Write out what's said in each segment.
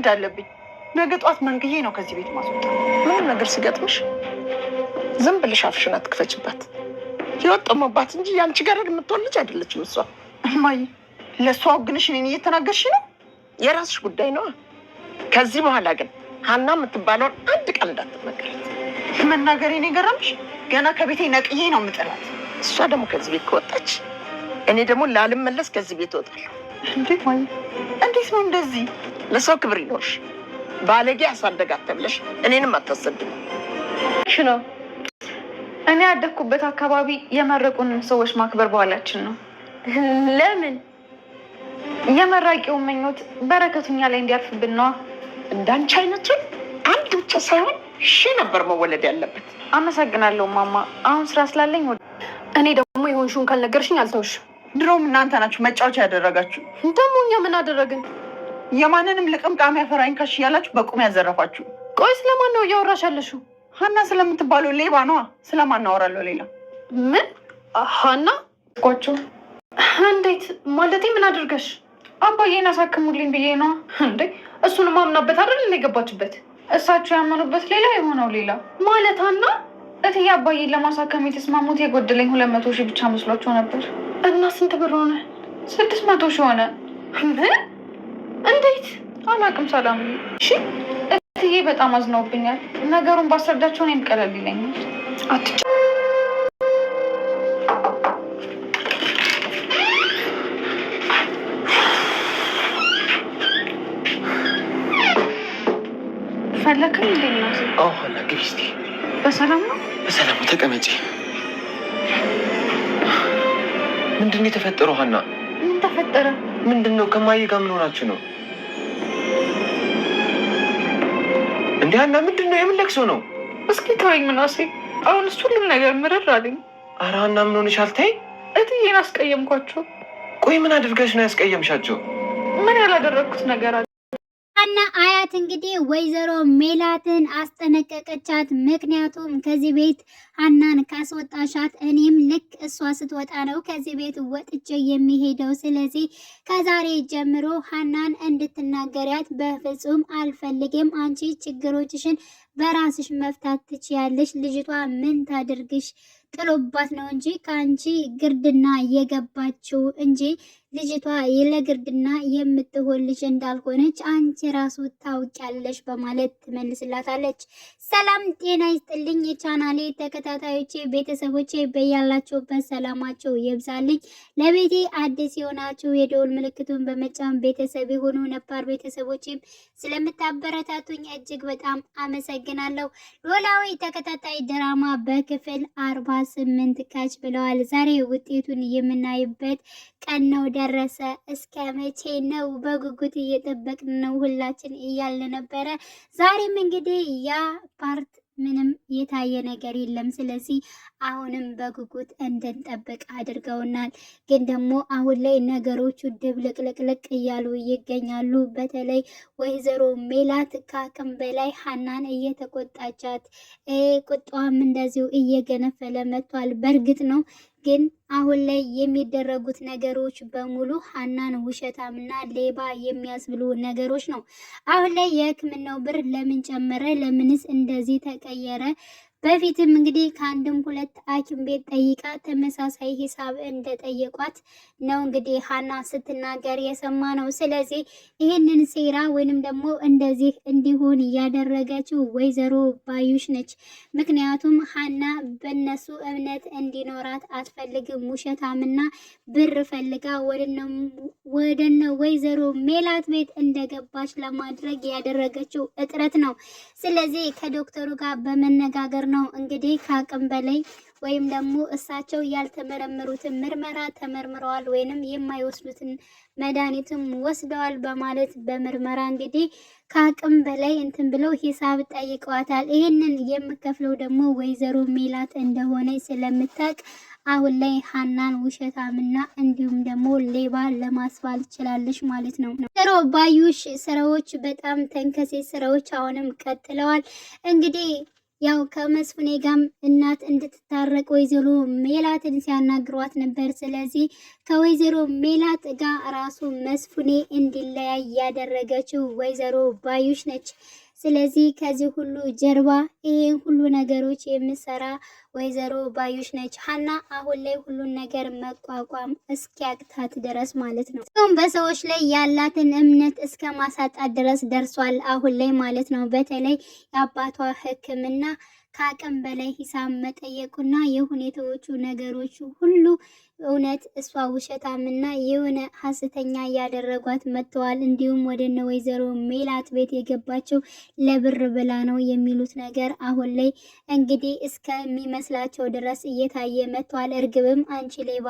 መውለድ አለብኝ። ነገ ጠዋት መንግዬ ነው ከዚህ ቤት ማስወጣ። ምንም ነገር ሲገጥምሽ ዝም ብልሽ አፍሽን አትክፈችበት። ህይወት ጠሞባት እንጂ ያንቺ ገረድ የምትሆን ልጅ አይደለችም እሷ። እማዬ ለእሷ ወግንሽ እኔን እየተናገርሽ ነው። የራስሽ ጉዳይ ነዋ። ከዚህ በኋላ ግን ሀና የምትባለውን አንድ ቃል እንዳትመገረት። መናገር ኔ ገራምሽ ገና ከቤቴ ነቅዬ ነው የምጥላት። እሷ ደግሞ ከዚህ ቤት ከወጣች እኔ ደግሞ ላልመለስ ከዚህ ቤት እወጣለሁ። እንዴት ማየ፣ እንዴት ነው እንደዚህ? ለሰው ክብር ይኖርሽ። ባለጌ አሳደጋት ተብለሽ እኔንም አታሰድም ነው። እኔ ያደግኩበት አካባቢ የመረቁን ሰዎች ማክበር በኋላችን ነው። ለምን የመራቂውን መኞት በረከቱኛ ላይ እንዲያርፍብን ነዋ። እንዳንቺ አይነቱን አንድ ብቻ ሳይሆን ሺህ ነበር መወለድ ያለበት። አመሰግናለሁ ማማ። አሁን ስራ ስላለኝ እኔ ደግሞ የሆንሽውን ካልነገርሽኝ አልተውሽም። ድሮም እናንተ ናችሁ መጫወቻ ያደረጋችሁ። ደግሞ እኛ ምን አደረግን? የማንንም ልቅምቃሚ ያፈራኝ ካሽ እያላችሁ በቁም ያዘረፋችሁ። ቆይ ስለማን ነው እያወራሽ ያለሽው? ሀና ስለምትባለው ሌባ ነዋ። ስለማን አወራለሁ? ሌላ ምን ሀና ቋቸው እንዴት ማለቴ ምን አድርገሽ? አባዬን አሳክሙልኝ ብዬ ነዋ። እንዴ እሱን ማምናበት አይደል የገባችበት። እሳቸው ያመኑበት ሌላ የሆነው ሌላ ማለት ሀና እትዬ አባዬን ለማሳከም የተስማሙት የጎደለኝ ሁለት መቶ ሺህ ብቻ መስሏቸው ነበር እና ስንት ብር ሆነ? ስድስት መቶ ሺህ ሆነ። እንዴት አላውቅም። ሰላም እሺ። እትዬ በጣም አዝነውብኛል። ነገሩን ባስረዳቸው እኔም ቀለል ይለኛል። አትች ፈለክም እንዴ? ነው? አዎ ኋላ ግቢ በሰላም ነው ሰላም ተቀመጪ። ምንድን ነው የተፈጠረው? ሀና ምን ተፈጠረ? ምንድን ነው? ከማዬ ጋር ምን ሆናችሁ ነው? እንዲህ ሀና ምንድን ነው? የምን ነው? እስኪ ተወኝ ምናሴ። አሁንስ ሁሉም ነገር ምርር አለኝ። አረ ሀና ምን ሆነሻል? ተይ። እትዬን አስቀየምኳቸው። ቆይ ምን አድርገሽ ነው ያስቀየምሻቸው? ምን ያላደረግኩት ነገር አለ? እና አያት እንግዲህ ወይዘሮ ሜላትን አስጠነቀቀቻት። ምክንያቱም ከዚህ ቤት ሀናን ካስወጣሻት እኔም ልክ እሷ ስትወጣ ነው ከዚህ ቤት ወጥቼ የሚሄደው። ስለዚህ ከዛሬ ጀምሮ ሀናን እንድትናገሪያት በፍጹም አልፈልግም። አንቺ ችግሮችሽን በራስሽ መፍታት ትችያለሽ። ልጅቷ ምን ታድርግሽ? ጥሎባት ነው እንጂ ከአንቺ ግርድና የገባችው እንጂ ልጅቷ የለግርድና የምትሆን ልጅ እንዳልሆነች አንቺ ራሱ ታውቂያለሽ በማለት ትመልስላታለች። ሰላም ጤና ይስጥልኝ የቻናሌ ተከታታዮቼ ቤተሰቦቼ በያላችሁበት ሰላማቸው ይብዛልኝ። ለቤቴ አዲስ የሆናችሁ የደውል ምልክቱን በመጫን ቤተሰብ የሆኑ ነባር ቤተሰቦችም ስለምታበረታቱኝ እጅግ በጣም አመሰግናለሁ። ኖላዊ ተከታታይ ድራማ በክፍል አርባ ስምንት ካች ብለዋል። ዛሬ ውጤቱን የምናይበት ቀን ነው። ደረሰ? እስከ መቼ ነው በጉጉት እየጠበቅን ነው ሁላችን እያለ ነበረ። ዛሬም እንግዲህ ያ ፓርት ምንም የታየ ነገር የለም። ስለዚህ አሁንም በጉጉት እንድንጠብቅ አድርገውናል። ግን ደግሞ አሁን ላይ ነገሮቹ ድብልቅልቅልቅ እያሉ ይገኛሉ። በተለይ ወይዘሮ ሜላት ከአቅም በላይ ሀናን እየተቆጣቻት ቁጣዋም እንደዚሁ እየገነፈለ መጥቷል። በእርግጥ ነው ግን አሁን ላይ የሚደረጉት ነገሮች በሙሉ ሀናን ውሸታምና ሌባ የሚያስብሉ ነገሮች ነው። አሁን ላይ የሕክምናው ብር ለምን ጨመረ? ለምንስ እንደዚህ ተቀየረ? በፊትም እንግዲህ ከአንድም ሁለት ሐኪም ቤት ጠይቃ ተመሳሳይ ሂሳብ እንደጠየቋት ነው እንግዲህ ሀና ስትናገር የሰማ ነው። ስለዚህ ይህንን ሴራ ወይንም ደግሞ እንደዚህ እንዲሆን እያደረገችው ወይዘሮ ባዩሽ ነች። ምክንያቱም ሀና በነሱ እምነት እንዲኖራት አትፈልግም። ውሸታምና ብር ፈልጋ ወደነ ወይዘሮ ሜላት ቤት እንደገባች ለማድረግ ያደረገችው እጥረት ነው። ስለዚህ ከዶክተሩ ጋር በመነጋገር ነው እንግዲህ ከአቅም በላይ ወይም ደግሞ እሳቸው ያልተመረመሩትን ምርመራ ተመርምረዋል ወይንም የማይወስዱትን መድኃኒትም ወስደዋል በማለት በምርመራ እንግዲህ ከአቅም በላይ እንትን ብለው ሂሳብ ጠይቀዋታል። ይህንን የምከፍለው ደግሞ ወይዘሮ ሜላት እንደሆነ ስለምታቅ አሁን ላይ ሀናን ውሸታምና እንዲሁም ደግሞ ሌባ ለማስባል ችላለች ማለት ነው። ወይዘሮ ባዩሽ ስራዎች በጣም ተንከሴ ስራዎች አሁንም ቀጥለዋል እንግዲህ ያው ከመስፍኔ ጋም እናት እንድትታረቅ ወይዘሮ ሜላትን ሲያናግሯት ነበር። ስለዚህ ከወይዘሮ ሜላት ጋር ራሱ መስፍኔ እንዲለያይ ያደረገችው ወይዘሮ ባዩሽ ነች። ስለዚህ ከዚህ ሁሉ ጀርባ ይሄን ሁሉ ነገሮች የምሰራ ወይዘሮ ባዩሽ ነች። ሀና አሁን ላይ ሁሉን ነገር መቋቋም እስኪያቅታት ድረስ ማለት ነው። እሱም በሰዎች ላይ ያላትን እምነት እስከ ማሳጣት ድረስ ደርሷል። አሁን ላይ ማለት ነው። በተለይ የአባቷ ሕክምና ከአቅም በላይ ሂሳብ መጠየቁና የሁኔታዎቹ ነገሮቹ ሁሉ እውነት እሷ ውሸታምና የሆነ ሀሰተኛ እያደረጓት መጥተዋል። እንዲሁም ወደ እነ ወይዘሮ ሜላት ቤት የገባቸው ለብር ብላ ነው የሚሉት ነገር አሁን ላይ እንግዲህ እስከሚመስላቸው ድረስ እየታየ መጥተዋል። እርግብም አንቺ ሌባ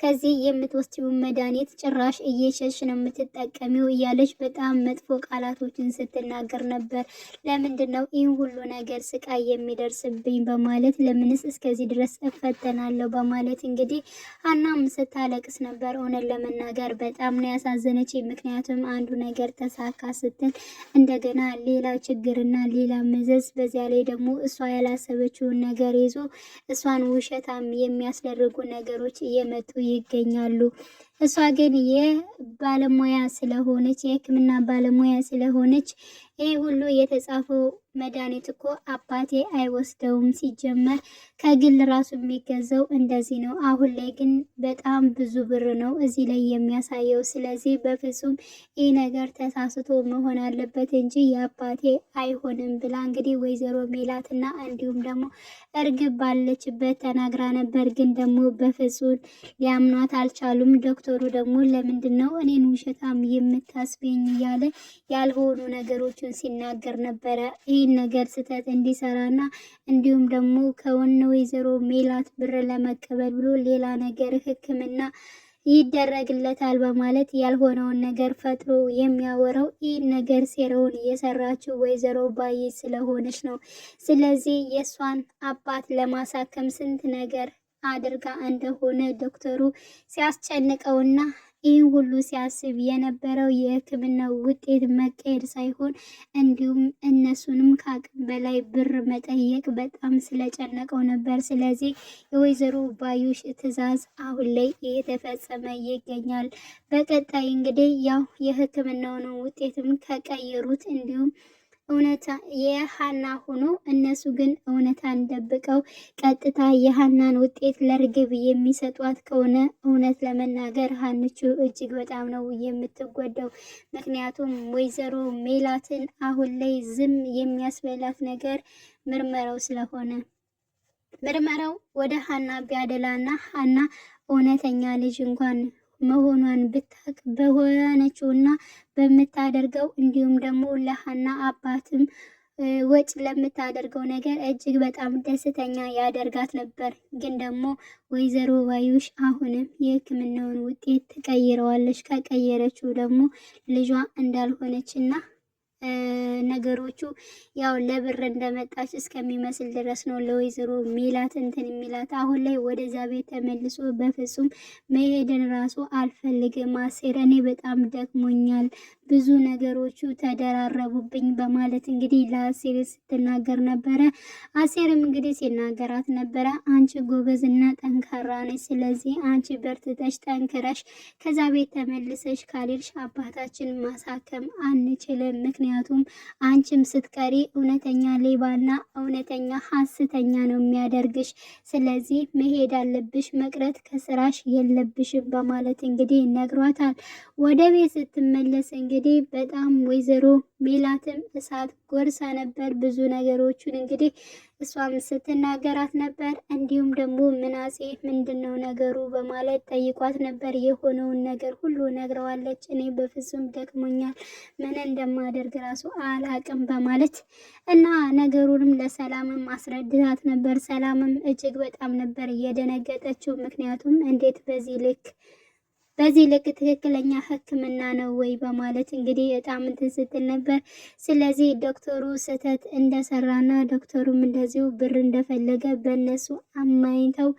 ከዚህ የምትወስጂውን መድኃኒት ጭራሽ እየሸሽ ነው የምትጠቀሚው እያለች በጣም መጥፎ ቃላቶችን ስትናገር ነበር። ለምንድን ነው ይህ ሁሉ ነገር ስቃይ የሚደርስብኝ በማለት ለምንስ እስከዚህ ድረስ እፈተናለሁ በማለት እንግዲህ ሀናም ስታለቅስ ነበር። እውነት ለመናገር በጣም ነው ያሳዘነች። ምክንያቱም አንዱ ነገር ተሳካ ስትል እንደገና ሌላ ችግርና ሌላ መዘዝ፣ በዚያ ላይ ደግሞ እሷ ያላሰበችውን ነገር ይዞ እሷን ውሸታም የሚያስደርጉ ነገሮች እየመጡ ይገኛሉ። እሷ ግን የባለሙያ ስለሆነች የሕክምና ባለሙያ ስለሆነች ይህ ሁሉ የተጻፈው መድኃኒት እኮ አባቴ አይወስደውም። ሲጀመር ከግል ራሱ የሚገዛው እንደዚህ ነው። አሁን ላይ ግን በጣም ብዙ ብር ነው እዚህ ላይ የሚያሳየው። ስለዚህ በፍጹም ይህ ነገር ተሳስቶ መሆን አለበት እንጂ የአባቴ አይሆንም ብላ እንግዲህ ወይዘሮ ሜላትና እንዲሁም ደግሞ እርግብ ባለችበት ተናግራ ነበር። ግን ደግሞ በፍጹም ሊያምኗት አልቻሉም ዶክተር ስትሉ ደግሞ ለምንድን ነው እኔን ውሸታም የምታስበኝ እያለ ያልሆኑ ነገሮችን ሲናገር ነበረ። ይህን ነገር ስህተት እንዲሰራና እንዲሁም ደግሞ ከወነ ወይዘሮ ሜላት ብር ለመቀበል ብሎ ሌላ ነገር ሕክምና ይደረግለታል በማለት ያልሆነውን ነገር ፈጥሮ የሚያወራው ይህን ነገር ሴራውን እየሰራችው ወይዘሮ ባዬ ስለሆነች ነው። ስለዚህ የእሷን አባት ለማሳከም ስንት ነገር አድርጋ እንደሆነ ዶክተሩ ሲያስጨንቀውና ይህን ሁሉ ሲያስብ የነበረው የሕክምናው ውጤት መቀየር ሳይሆን እንዲሁም እነሱንም ከአቅም በላይ ብር መጠየቅ በጣም ስለጨነቀው ነበር። ስለዚህ የወይዘሮ ባዩሽ ትዕዛዝ አሁን ላይ እየተፈጸመ ይገኛል። በቀጣይ እንግዲህ ያው የሕክምናውን ውጤትም ከቀየሩት እንዲሁም እውነታ የሀና ሆኖ እነሱ ግን እውነታን ደብቀው ቀጥታ የሀናን ውጤት ለርግብ የሚሰጧት ከሆነ እውነት ለመናገር ሀንቹ እጅግ በጣም ነው የምትጎዳው። ምክንያቱም ወይዘሮ ሜላትን አሁን ላይ ዝም የሚያስበላት ነገር ምርመራው ስለሆነ ምርመራው ወደ ሀና ቢያደላና ሀና እውነተኛ ልጅ እንኳን መሆኗን ብታቅ በሆነችውና በምታደርገው እንዲሁም ደግሞ ለሀና አባትም ወጪ ለምታደርገው ነገር እጅግ በጣም ደስተኛ ያደርጋት ነበር። ግን ደግሞ ወይዘሮ ባዩሽ አሁንም የሕክምናውን ውጤት ትቀይረዋለች። ከቀየረችው ደግሞ ልጇ እንዳልሆነች እና ነገሮቹ ያው ለብር እንደመጣች እስከሚመስል ድረስ ነው ለወይዘሮ ሚላት እንትን የሚላት። አሁን ላይ ወደዛ ቤት ተመልሶ በፍጹም መሄድን ራሱ አልፈልግም፣ አሴር እኔ በጣም ደክሞኛል፣ ብዙ ነገሮቹ ተደራረቡብኝ በማለት እንግዲህ ለአሴር ስትናገር ነበረ። አሴርም እንግዲህ ሲናገራት ነበረ፣ አንቺ ጎበዝና ጠንካራ ነች፣ ስለዚህ አንቺ በርትተሽ ጠንክረሽ ከዛ ቤት ተመልሰሽ ካልሄድሽ አባታችን ማሳከም አንችልም ምክንያት ምክንያቱም አንቺም ስትቀሪ እውነተኛ ሌባና እውነተኛ ሀስተኛ ነው የሚያደርግሽ። ስለዚህ መሄድ አለብሽ፣ መቅረት ከስራሽ የለብሽም በማለት እንግዲህ ነግሯታል። ወደ ቤት ስትመለስ እንግዲህ በጣም ወይዘሮ ሜላትም እሳት ጎርሳ ነበር ብዙ ነገሮቹን እንግዲህ እሷም ስትናገራት ነበር። እንዲሁም ደግሞ ምናጼ ምንድን ነው ነገሩ በማለት ጠይቋት ነበር። የሆነውን ነገር ሁሉ ነግረዋለች። እኔ በፍጹም ደክሞኛል፣ ምን እንደማደርግ ራሱ አላቅም በማለት እና ነገሩንም ለሰላምም አስረድታት ነበር። ሰላምም እጅግ በጣም ነበር የደነገጠችው። ምክንያቱም እንዴት በዚህ ልክ በዚህ ልክ ትክክለኛ ሕክምና ነው ወይ በማለት እንግዲህ በጣም እንትን ስትል ነበር። ስለዚህ ዶክተሩ ስህተት እንደሰራና ዶክተሩም እንደዚሁ ብር እንደፈለገ በእነሱ አማኝተው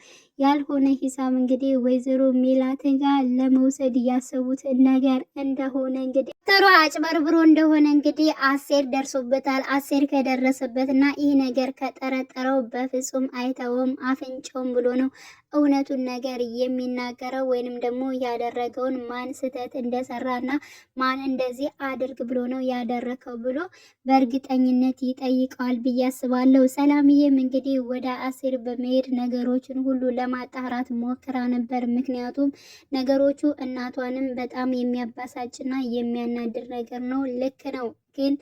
ያልሆነ ሂሳብ እንግዲህ ወይዘሮ ሜላትን ጋር ለመውሰድ ያሰቡት ነገር እንደሆነ እንግዲህ ተሮ አጭበርብሮ እንደሆነ እንግዲህ አሴር ደርሶበታል። አሴር ከደረሰበት እና ይህ ነገር ከጠረጠረው በፍጹም አይተውም። አፍንጮም ብሎ ነው እውነቱን ነገር የሚናገረው ወይንም ደግሞ ያደረገውን ማን ስህተት እንደሰራና ማን እንደዚህ አድርግ ብሎ ነው ያደረከው ብሎ በእርግጠኝነት ይጠይቀዋል ብዬ አስባለሁ። ሰላምዬም እንግዲህ ወደ አሴር በመሄድ ነገሮችን ሁሉ ለማጣራት ሞክራ ነበር። ምክንያቱም ነገሮቹ እናቷንም በጣም የሚያባሳጭና የሚያናድር ነገር ነው። ልክ ነው ግን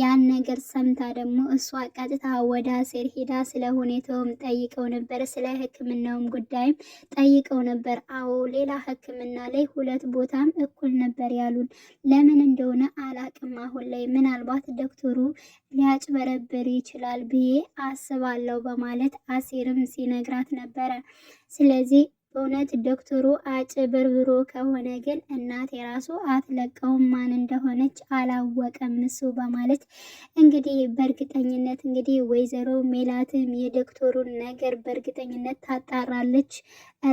ያን ነገር ሰምታ ደግሞ እሷ ቀጥታ ወደ አሴር ሂዳ ስለ ሁኔታውም ጠይቀው ነበር። ስለ ሕክምናውም ጉዳይም ጠይቀው ነበር። አዎ ሌላ ሕክምና ላይ ሁለት ቦታም እኩል ነበር ያሉን። ለምን እንደሆነ አላቅም። አሁን ላይ ምናልባት ዶክተሩ ሊያጭበረብር ይችላል ብዬ አስባለሁ በማለት አሴርም ሲነግራት ነበረ። ስለዚህ በእውነት ዶክተሩ አጭበርብሮ ከሆነ ግን እናት የራሱ አትለቀውም። ማን እንደሆነች አላወቀም እሱ በማለት እንግዲህ በእርግጠኝነት እንግዲህ ወይዘሮ ሜላትም የዶክተሩን ነገር በእርግጠኝነት ታጣራለች፣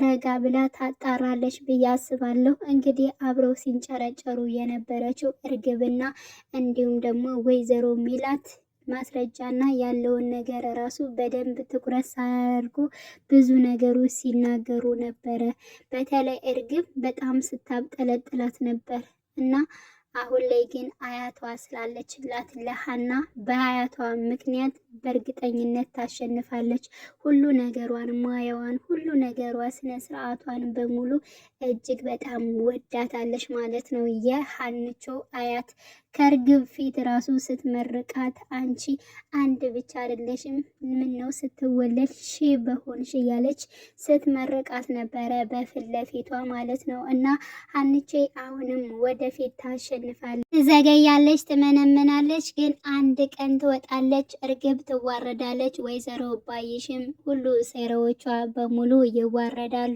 ረጋ ብላ ታጣራለች ብዬ አስባለሁ። እንግዲህ አብረው ሲንጨረጨሩ የነበረችው እርግብና እንዲሁም ደግሞ ወይዘሮ ሜላት ማስረጃና ያለውን ነገር ራሱ በደንብ ትኩረት ሳያደርጉ ብዙ ነገሮች ሲናገሩ ነበረ። በተለይ እርግብ በጣም ስታብጠለጥላት ነበር እና አሁን ላይ ግን አያቷ ስላለችላት ለሀና በአያቷ ምክንያት በእርግጠኝነት ታሸንፋለች። ሁሉ ነገሯን፣ ማየዋን፣ ሁሉ ነገሯ ስነ ስርዓቷን በሙሉ እጅግ በጣም ወዳታለች ማለት ነው የሀንቾ አያት። ከእርግብ ፊት ራሱ ስትመርቃት አንቺ አንድ ብቻ አይደለሽም፣ ምን ነው ስትወለድ ሺ በሆንሽ እያለች ስትመርቃት ነበረ፣ በፊት ለፊቷ ማለት ነው። እና አንቺ አሁንም ወደፊት ታሸንፋለች፣ ትዘገያለች፣ ትመነመናለች፣ ግን አንድ ቀን ትወጣለች። እርግብ ትዋረዳለች። ወይዘሮ ባይሽም ሁሉ ሴራዎቿ በሙሉ ይዋረዳሉ።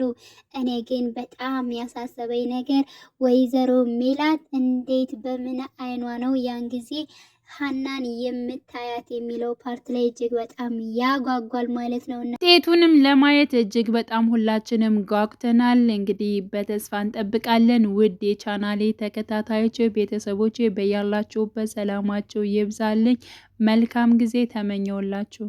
እኔ ግን በጣም ያሳሰበኝ ነገር ወይዘሮ ሜላት እንዴት በምን አይኗ ነው ያን ጊዜ ሀናን የምታያት የሚለው ፓርት ላይ እጅግ በጣም ያጓጓል ማለት ነው። ውጤቱንም ለማየት እጅግ በጣም ሁላችንም ጓጉተናል። እንግዲህ በተስፋ እንጠብቃለን። ውድ የቻናሌ ተከታታዮች ቤተሰቦች፣ በያላችሁበት ሰላማችሁ ይብዛልኝ። መልካም ጊዜ ተመኘውላችሁ።